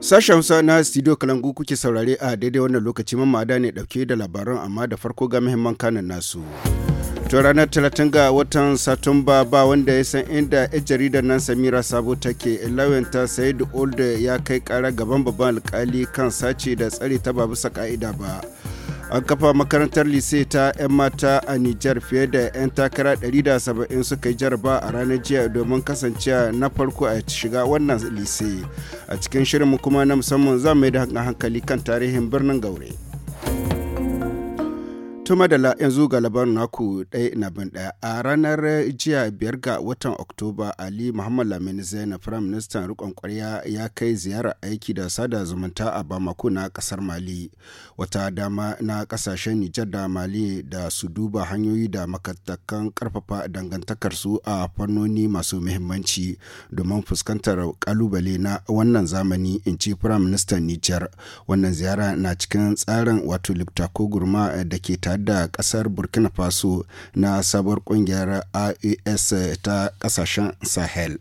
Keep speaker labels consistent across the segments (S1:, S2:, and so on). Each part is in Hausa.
S1: Sashen Hausa na Studio Kalangu kuke saurare a daidai wannan lokaci da ne dauke da labaran amma da farko ga muhimman kanan nasu. To ranar talatin ga watan Satumba ba wanda ya san inda yan jaridar nan Samira Sabo take lawanta Said Old ya kai kara gaban babban alkali kan sace da tsare ta babu sa ƙa'ida ba. an kafa makarantar lise ta 'yan mata a nijar fiye da 'yan takara 170 suka yi jaraba a ranar jiya domin kasancewa na farko a shiga wannan lise a cikin shirinmu kuma na musamman za mu yi da hankali kan tarihin birnin gaure. To madala yanzu ga labarin naku ɗaya na bin ɗaya a ranar jiya biyar ga watan Oktoba Ali Muhammad lamini Zainab Prime Minister rikon kwarya ya kai ziyarar aiki da sada zumunta a Bamako na ƙasar Mali. Wata dama na ƙasashen Nijar da Mali da su duba hanyoyi da makatakan ƙarfafa dangantakar su a fannoni masu muhimmanci domin fuskantar ƙalubale na wannan zamani in ci Prime Minister Nijar. Wannan ziyara na cikin tsarin wato Liptako Gurma da ke tare da kasar burkina faso na sabuwar kungiyar aes ta kasashen sahel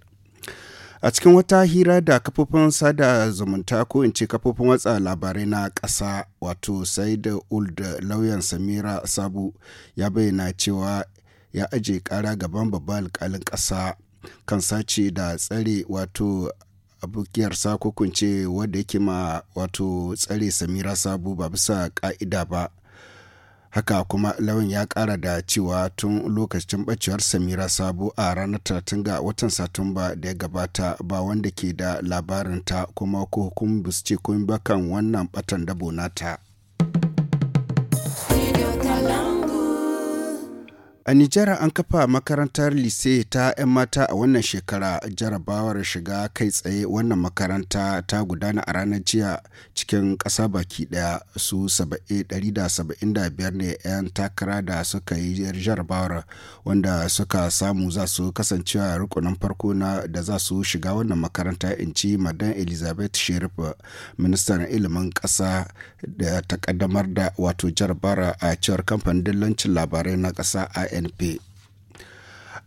S1: a cikin wata hira da kafofin sada zumunta ko in ce kafofin watsa labarai na ƙasa wato said old lauyan samira sabu ya bayyana cewa ya aje ƙara gaban babban alƙalin ƙasa kan sace da tsare wato abokiyar wadda yake ma wato tsare samira sabu ba bisa ƙa'ida ba haka kuma lawan ya kara da cewa tun lokacin ɓacewar samira sabo a ranar talatin ga watan satumba da ya gabata ba wanda ke da labarinta kuma ko hukum ce kun bakan wannan batan dabo nata. A Nijar an kafa makarantar lise ta 'yan mata a wannan shekara jarabawar shiga kai tsaye wannan makaranta ta gudana a ranar jiya cikin ƙasa baki ɗaya su 175 ne 'yan takara da suka yi jarabawar wanda suka samu za su kasancewa rukunin farko na da za su shiga wannan makaranta in ci madan Elizabeth Sherif ministan ilimin ƙasa da ta ƙaddamar da wato jarabawar a cewar kamfanin dillancin labarai na ƙasa a CNP.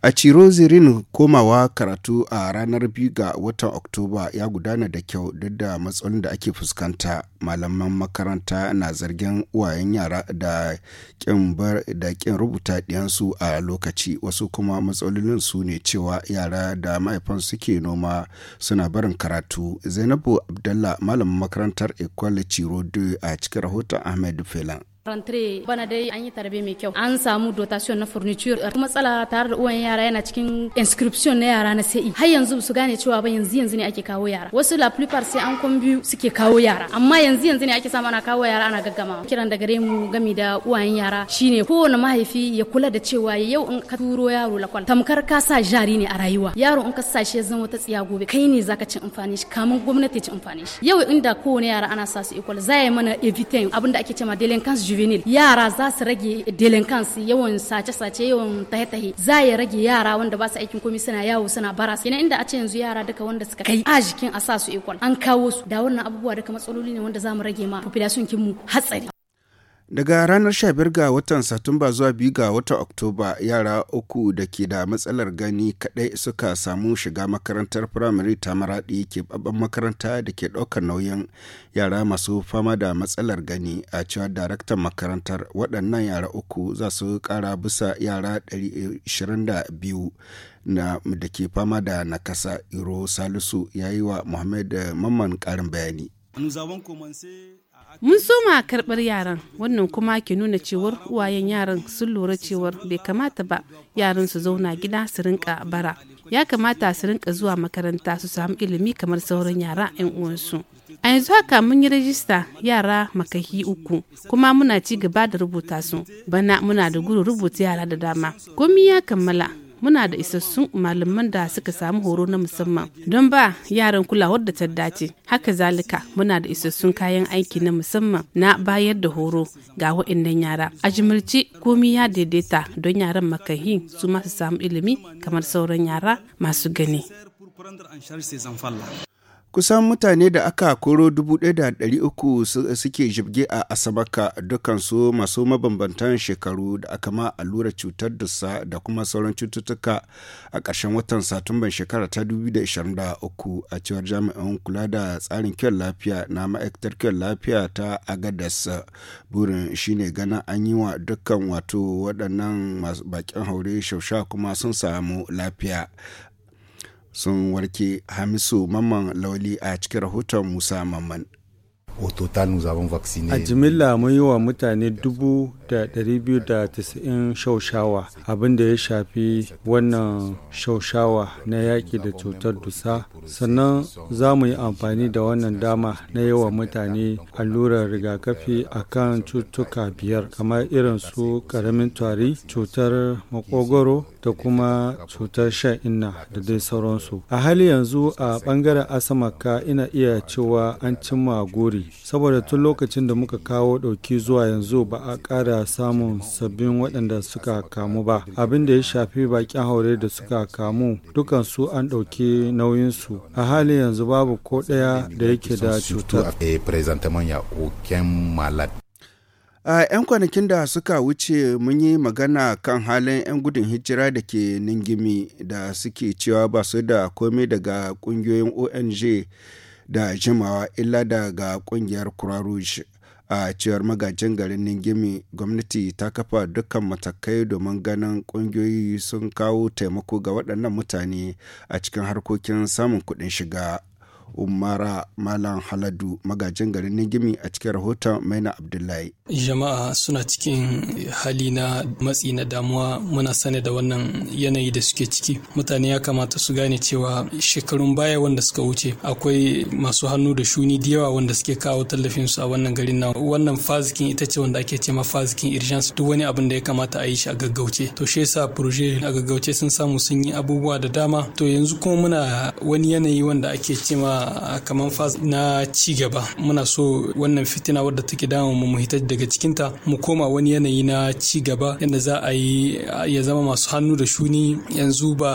S1: A zirin komawa karatu a ranar biyu ga watan Oktoba ya gudana da kyau duk da matsalolin da ake fuskanta. Malaman makaranta na zargin uwayen yara da kin da kin rubuta ɗiyansu a lokaci wasu kuma matsalolin su ne cewa yara da mahaifan suke noma suna barin karatu. Zainabu Abdallah malamin makarantar Ecole Ciro a cikin rahoton Ahmed Felan.
S2: rentre bana dai an yi tarbe mai kyau an samu dotation na furniture kuma matsala tare da uwan yara yana cikin inscription na yara na sai e. har yanzu su gane cewa ba yanzu yanzu ne ake kawo yara wasu la plupart sai an kun biyu suke kawo yara amma yanzu yanzu ne ake samu ana kawo yara ana gaggama kiran da gare mu gami da uwan yara shine kowane mahaifi ya kula da cewa yau in ka turo yaro lakwal tamkar ka sa jari ne a rayuwa yaro in ka sa shi ya zama wata tsiya gobe kai ne zaka ci amfani shi kamun gwamnati ci amfani shi yau inda kowane yara ana sa su equal za mana evitain abinda ake cewa delinquence juvenile yara za su rage delinquency yawan sace-sace yawan tahe-tahe za ya rage yara wanda ba su aikin komai suna yawo suna bara ina inda a ce yanzu yara duka wanda suka kai a jikin a sa su ikon an kawo su da wannan abubuwa duka matsaloli ne wanda za mu rage ma population kinmu hatsari
S1: Daga ranar 15 ga watan Satumba zuwa 2 ga watan Oktoba yara uku da ke da matsalar gani kadai suka samu shiga makarantar firamare ta maraɗi ke babban makaranta da ke ɗaukar nauyin yara masu fama da matsalar gani a cewar daraktan makarantar waɗannan yara uku za su kara bisa yara 122 na da ke fama da nakasa iro salisu ya yi wa muhammad mamman karin bayani.
S2: mun soma karɓar yaran wannan kuma ke nuna cewar uwayen yaran sun lura cewar bai kamata ba yaran su zauna gida su rinka bara ya kamata su rinka zuwa makaranta su samu ilimi kamar sauran yara 'yan uwansu a yanzu haka mun yi rajista yara makahi uku kuma muna ci gaba da rubuta su bana muna da gudu rubuta yara da dama komi ya kammala muna da isassun malaman da suka samu horo na musamman don ba yaran kulawar da ta dace haka zalika muna da isassun kayan aiki na musamman na bayar da horo ga waɗannan yara a jimirci komi ya daidaita don yaran makahi su masu samu ilimi kamar sauran yara masu gani
S1: kusan mutane da aka koro 1,300 suke jibge a asamaka dukansu masu mabambantan shekaru da aka ma allurar cutar dusa da kuma sauran cututtuka a ƙarshen watan satumban shekara ta 2023 a cewar jami'an kula da tsarin kyan lafiya na ma'aikatar kyan lafiya ta agadas burin shine gana an yi wa dukkan wato waɗannan baƙin haure shausha kuma sun samu lafiya sun warke hamisu mamman lauli a cikin rahoton musa mamman
S3: a jimilla mun yi wa mutane 290 shaushawa abin da ya shafi wannan shaushawa na yaƙi da cutar dusa sannan za mu yi amfani da wannan dama na yi wa mutane allurar rigakafi a kan cutuka biyar kamar irin su ƙaramin tari cutar makogoro da kuma cutar shan inna da dai sauransu a hali yanzu a bangaren asamaka ina iya cewa an cimma gori saboda tun lokacin da muka kawo ɗauki zuwa yanzu ba a ƙara samun sabbin waɗanda suka kamu ba abin da ya shafi bakin haure da suka kamu dukansu an ɗauki nauyinsu a hali yanzu babu ko ɗaya da yake da cutar
S1: A 'yan kwanakin da suka wuce mun yi magana kan halin 'yan gudun hijira da ke ningimi da suke cewa ba su da komai daga kungiyoyin ONG da jimawa illa daga kungiyar kurarush a cewar magajin garin ningimi gwamnati ta kafa dukkan matakai domin ganin kungiyoyi sun kawo taimako ga waɗannan mutane a cikin harkokin samun kuɗin shiga. umara malam haladu magajin garin nigimi a cikin rahoton maina abdullahi
S4: jama'a suna cikin hali na matsi na damuwa muna sane da wannan yanayi da suke ciki mutane ya kamata su gane cewa shekarun baya wanda suka wuce akwai masu hannu da shuni da yawa wanda suke kawo tallafin su a wannan garin na wannan fazikin ita ce wanda ake cema fazikin irjans duk wani abin da ya kamata a yi shi a gaggauce to shi yasa proje a gaggauce sun samu sun yi abubuwa da dama to yanzu kuma muna wani yanayi wanda ake cema kamar fas na ci gaba muna so wannan fitina wadda take damu mu mu hita daga cikinta mu koma wani yanayi na ci gaba yadda za a yi ya zama masu hannu da shuni yanzu ba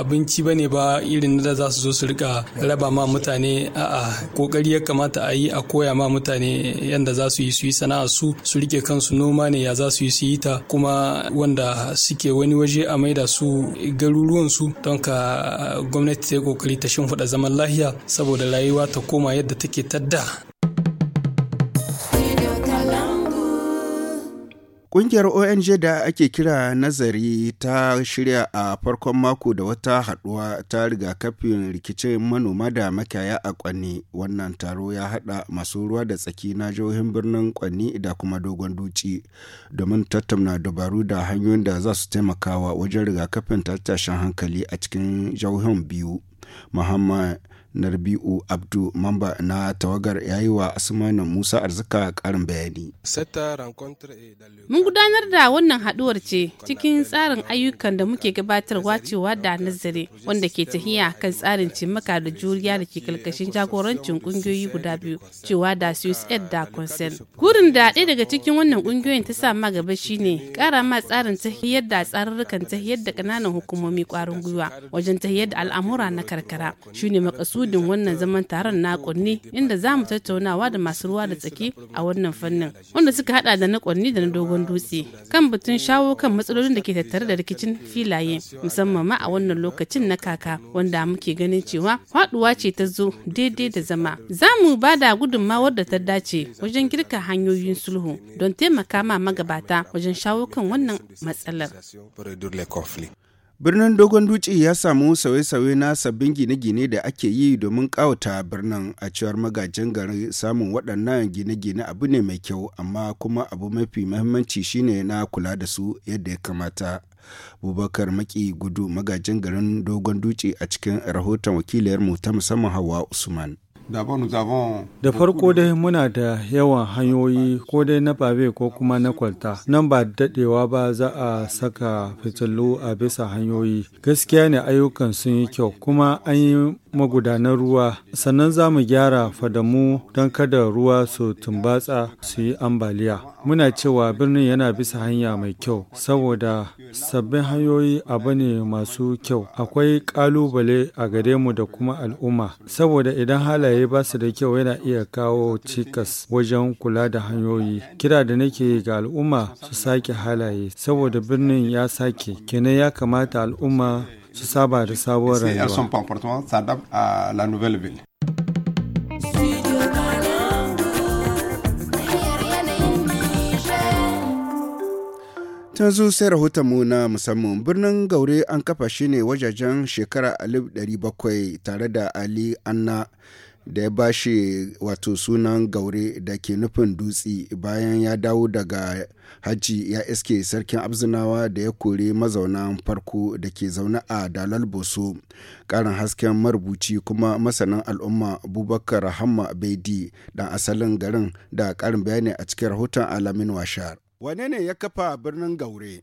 S4: abinci ba ne ba irin da za su zo su rika raba ma mutane a'a kokari ya kamata a yi a koya ma mutane yadda za su yi su yi sana'a su su rike kansu noma ne ya za su yi su yi ta kuma wanda suke wani waje a maida su garuruwan su don ka gwamnati ta yi kokari ta shimfiɗa zaman lahiya saboda rayuwa ta koma yadda take ta da.
S1: Ƙungiyar ONG da ake kira nazari ta shirya a farkon mako da wata haɗuwa ta riga kafin rikicin manoma da makaya a Kwanni. Wannan taro ya haɗa masu ruwa da tsaki na jihohin birnin Kwanni da kuma dogon duci domin tattauna dabaru da hanyoyin da za su taimakawa wajen rigakafin tattashin hankali a cikin jihohin biyu. Muhammad Narbi'u Abdu mamba na tawagar yayi wa Asmanu Musa Arzika karin bayani.
S2: Mun gudanar da wannan haduwar ce cikin tsarin ayyukan da muke gabatarwa cewa da nazari wanda ke tahiya kan tsarin cimaka da juriya da ke kalkashin jagorancin kungiyoyi guda biyu cewa da Swiss da Consent. Gurin da ɗaya daga cikin wannan kungiyoyin ta sa ma gaba shine kara ma tsarin tahiyar da tsarurrukan tahiyar da ƙananan hukumomi ƙwarin gwiwa wajen tahiyar da al'amura na karkara shine makasu gudun wannan zaman taron na kunni inda za mu tattaunawa da masu ruwa da tsaki a wannan fannin wanda suka hada da na kunni da na dogon dutse kan batun shawo kan matsalolin da ke tattare da rikicin filaye musamman ma a wannan lokacin na kaka wanda muke ganin cewa faduwa ce ta zo daidai da zama za mu ba da gudunmawar da ta dace wajen girka hanyoyin sulhu don taimaka ma magabata wajen shawo kan wannan matsalar.
S1: Birnin Dogon Dutse ya samu sauye-sauye na sabbin gine-gine da ake yi domin ƙawata birnin a cewar magajin garin samun waɗannan gine-gine abu ne mai kyau amma kuma abu mafi mahimmanci shine na kula da su yadda ya kamata. Bubakar Maki Gudu magajin garin Dogon Dutse a cikin rahoton wakiliyarmu ta musamman Hawa Usman.
S3: Da farko dai muna da yawan hanyoyi ko dai na babe ko kuma na kwalta. Nan ba dadewa ba za a saka fitilu a bisa hanyoyi. Gaskiya ne ayyukan sun yi kyau kuma an yi Magudanar ruwa sannan za mu gyara fadamu don kada ruwa su tumbatsa su yi ambaliya muna cewa birnin yana bisa hanya mai kyau saboda sabbin hanyoyi abu ne masu kyau akwai kalubale a gare mu da kuma al'umma saboda idan halaye ba su da kyau yana iya kawo cikas wajen kula da hanyoyi kira da nake ga al'umma su sake halaye saboda birnin ya sake kenan ya kamata al'umma su saba da sabuwar rayuwa.
S1: ta zo sai mu na musamman birnin gaure an kafa shi ne wajajen shekara 1700 tare da ali anna da ya ba shi wato sunan gaure da ke nufin dutse bayan ya dawo daga hajji ya iske sarkin abzinawa da ya kori mazauna farko da ke zaune a dalal boso karin hasken marubuci kuma masanin al'umma abubakar hamma baidi dan asalin garin da karin
S3: bayani a cikin rahoton alamin washar
S1: wane ne ya kafa birnin gaure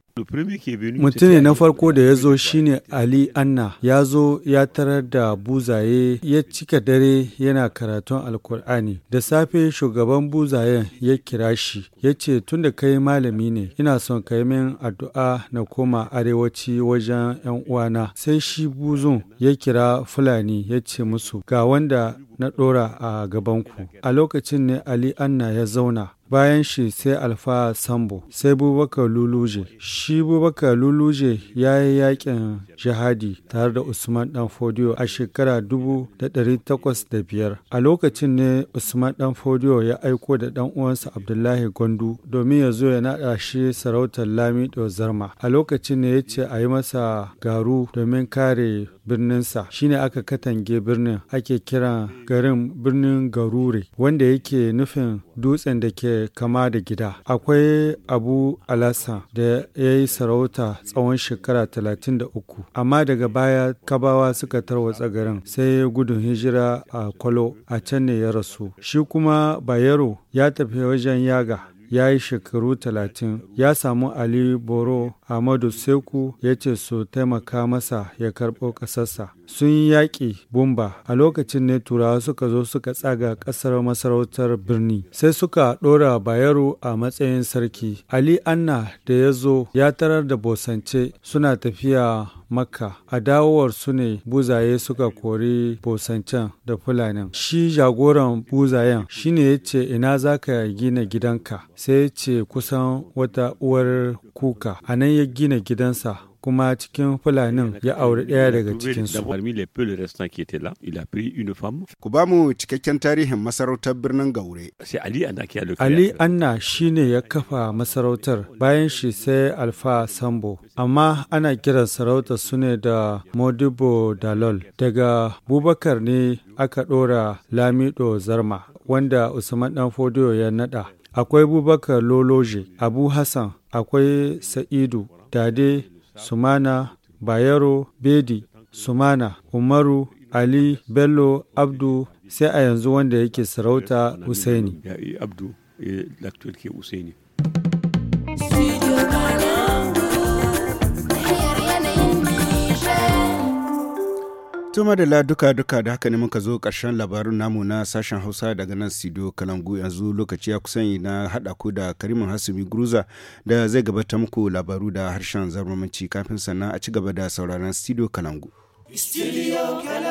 S1: Mutum
S3: na farko da ya zo shine Ali Anna, ya zo ya tarar da buzaye ya cika dare yana karatun Alkur'ani. Da safe shugaban buzayen ya kira shi, ya ce "Tun tunda kai malami ne, ina son kai min addu'a na koma arewaci wajen 'yan uwana. Sai shi buzun ya kira Fulani ya ce musu ga wanda na ɗora a gabanku. A lokacin ne Ali Anna ya zauna, bayan shi sai Alfa Sambo, sai Bubakar Luluje. Shi Bubakar Luluje ya yi yakin jihadi tare da Usman Dan Fodiyo a shekara dubu da takwas biyar. A lokacin ne Usman Dan Fodiyo ya aiko da dan uwansa Abdullahi Gondu domin ya zo ya naɗa shi sarautar da Zarma. A lokacin ne ya ce a yi masa garu domin kare birninsa shine aka katange birnin ake kiran garin birnin garure wanda yake nufin dutsen da ke kama da gida akwai abu alasa da ya yayi sarauta tsawon shekara 33 amma daga baya kabawa suka tarwatsa garin sai ya gudun hijira a kwalo a can ne ya rasu shi kuma bayero ya tafi wajen yaga ya yi shekaru talatin ya samu Ali Boro Ahmadu Seku ya ce su taimaka masa ya karɓo ƙasarsa. Sun yi yaƙi Bumba a lokacin ne Turawa suka zo suka tsaga ƙasar masarautar birni sai suka ɗora Bayero a matsayin sarki. Ali Anna da ya zo ya tarar da Bosance suna tafiya makka a su ne buzaye suka kori bosancan da fulanin shi jagoran buzayen shine ya ce ina za ka gina gidanka sai ya ce kusan wata uwar kuka a nan ya gina gidansa kuma cikin Fulanin ya auri ɗaya daga cikinsu.
S1: Ku ba mu cikakken tarihin masarautar birnin Gaure. Ali
S3: Anna shi ya kafa masarautar bayan shi sai Alfa Sambo, amma ana kiran sarautar su ne da Modibo Dalol. Daga Bubakar ne aka ɗora Lamido Zarma, wanda Usman Danfodiyo ya naɗa. Akwai Bubakar Loloje, Abu Hassan, akwai Sa'idu, Dade Sumana, Bayero, Bedi, Sumana, Umaru, Ali, Bello, Abdu, sai a yanzu wanda yake sarauta Usaini. Eh,
S1: Tuma da duka-duka da haka ne muka zo ƙarshen labarin namu na sashen Hausa daga nan Sido Kalangu yanzu lokaci ya kusan na haɗa ku da Karimin Hasumi Guruza da zai gabata muku labaru da harshen zarmamanci kafin sannan a ci gaba da sauraron Sido Kalangu. Studio Kalangu.